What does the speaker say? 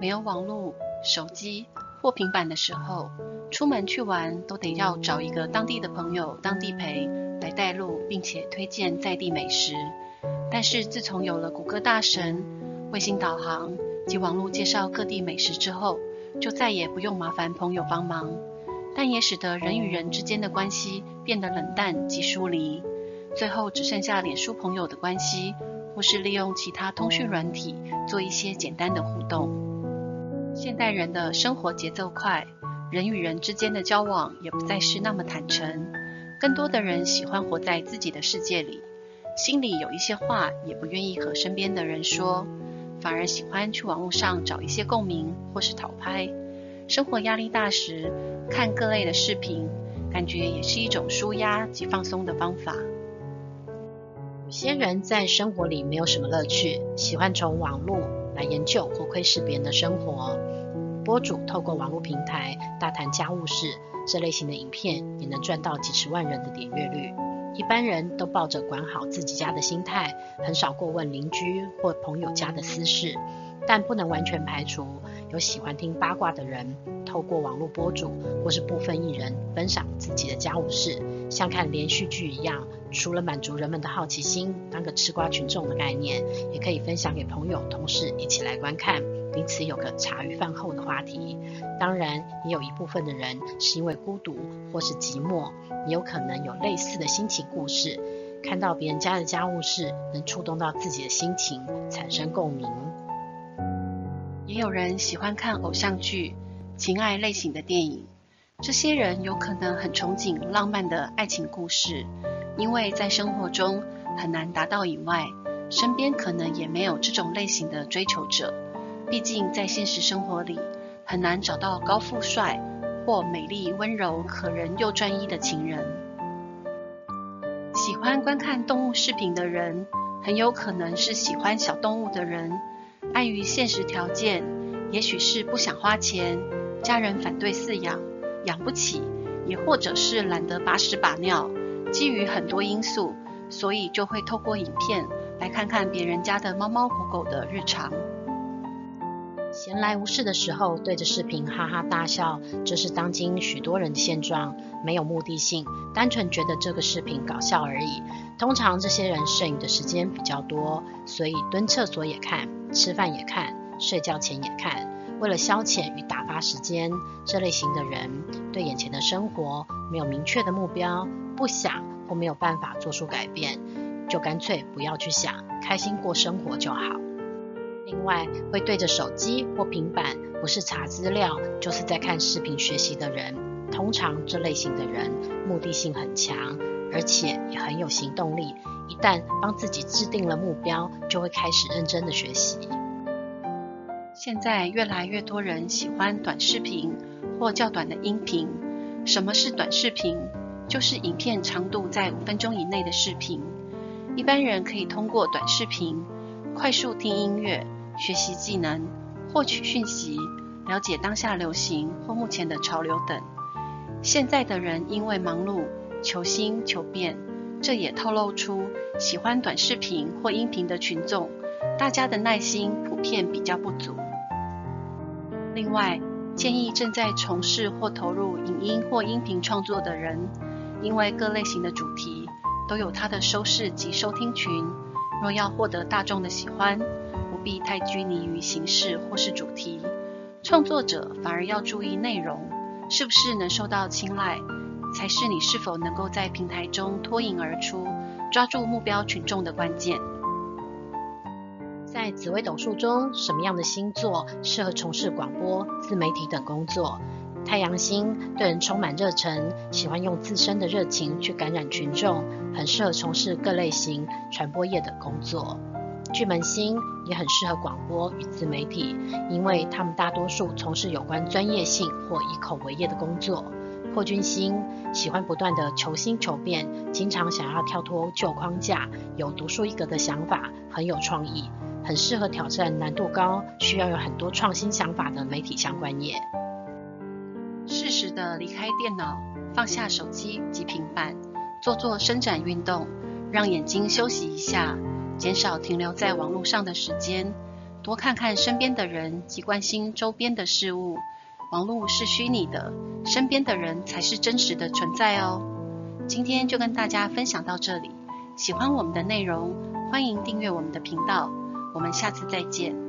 沒有網絡、手機或平板的時候，出門去玩都得要找一個當地的朋友當地陪來帶路，並且推薦在地美食。但是自從有了谷歌大神、衛星導航及網絡介紹各地美食之後，就再也不用麻煩朋友幫忙，但也使得人與人之間的關係變得冷淡及疏離。最後只剩下臉書朋友的關係，或是利用其他通訊軟體做一些簡單的互動。現代人的生活節奏快，人與人之間的交往也不再是那麼坦誠，更多的人喜歡活在自己的世界裡，心裡有一些話也不願意和身邊的人說，反而喜歡去網絡上找一些共鳴或是討拍。生活壓力大時，看各類的視頻，感覺也是一種舒壓及放鬆的方法。有些人在生活裡沒有什麼樂趣，喜歡從網絡。來研究或窺視別人的生活，博主透過網絡平台大談家務事，這類型的影片也能賺到幾十萬人的點閱率。一般人都抱着管好自己家的心態，很少過問鄰居或朋友家的私事，但不能完全排除有喜歡聽八卦的人透過網絡博主或是部分藝人分享自己的家務事。像看連續劇一樣，除了滿足人們的好奇心，當個吃瓜群眾的概念，也可以分享給朋友、同事一起來觀看，彼此有個茶餘飯後的話題。當然，也有一部分的人是因為孤獨或是寂寞，也有可能有類似的心情故事，看到別人家的家務事，能觸動到自己的心情，產生共鳴。也有人喜歡看偶像劇、情愛類型的電影。這些人有可能很憧憬浪漫的愛情故事，因為在生活中很難達到以外，身邊可能也沒有這種類型的追求者。畢竟在現實生活裡很難找到高富帥或美麗溫柔可人又專一的情人。喜歡觀看動物視頻的人，很有可能是喜歡小動物的人。礙於現實條件，也許是不想花錢，家人反對飼養。養不起，也或者是懶得把屎把尿，基於很多因素，所以就會透過影片來看看別人家的貓貓狗狗的日常。閒來無事的時候，對着視頻哈哈大笑，這是當今許多人的現狀。沒有目的性，單純覺得這個視頻搞笑而已。通常這些人剩餘的時間比較多，所以蹲廁所也看，吃飯也看，睡覺前也看。為了消遣與打發時間，這類型的人對眼前的生活沒有明確的目標，不想或沒有辦法做出改變，就乾脆不要去想，開心過生活就好。另外，會對着手機或平板，不是查資料，就是在看視頻學習的人，通常這類型的人目的性很強，而且也很有行動力，一旦幫自己制定了目標，就會開始認真的學習。現在越來越多人喜歡短視頻或較短的音頻。什麼是短視頻？就是影片長度在五分鐘以內的視頻。一般人可以通過短視頻快速聽音樂、學習技能、獲取訊息、了解當下流行或目前的潮流等。現在的人因為忙碌、求新、求變，這也透露出喜歡短視頻或音頻的群眾，大家的耐心普遍比較不足。另外，建議正在從事或投入影音或音頻創作的人，因為各類型的主題都有它的收視及收聽群。若要獲得大眾的喜歡，不必太拘泥於形式或是主題，創作者反而要注意內容是不是能受到青睞，才是你是否能夠在平台中脫穎而出、抓住目標群眾的關鍵。在紫微斗數中，什麼樣的星座適合從事廣播、自媒體等工作？太陽星對人充滿熱忱，喜歡用自身的熱情去感染群眾，很適合從事各類型傳播業的工作。巨門星也很適合廣播與自媒體，因為他們大多數從事有關專業性或以口為業的工作。破軍星喜歡不斷地求新求變，經常想要跳脫舊框架，有獨樹一格的想法，很有創意。很適合挑戰難度高、需要有很多創新想法的媒體相關業。適時的離開電腦，放下手機及平板，做做伸展運動，讓眼睛休息一下，減少停留在網絡上的時間，多看看身邊的人及關心周邊的事物。網絡是虛擬的，身邊的人才是真實的存在哦。今天就跟大家分享到這裡，喜歡我們的內容，歡迎訂閱我們的頻道。我們下次再見。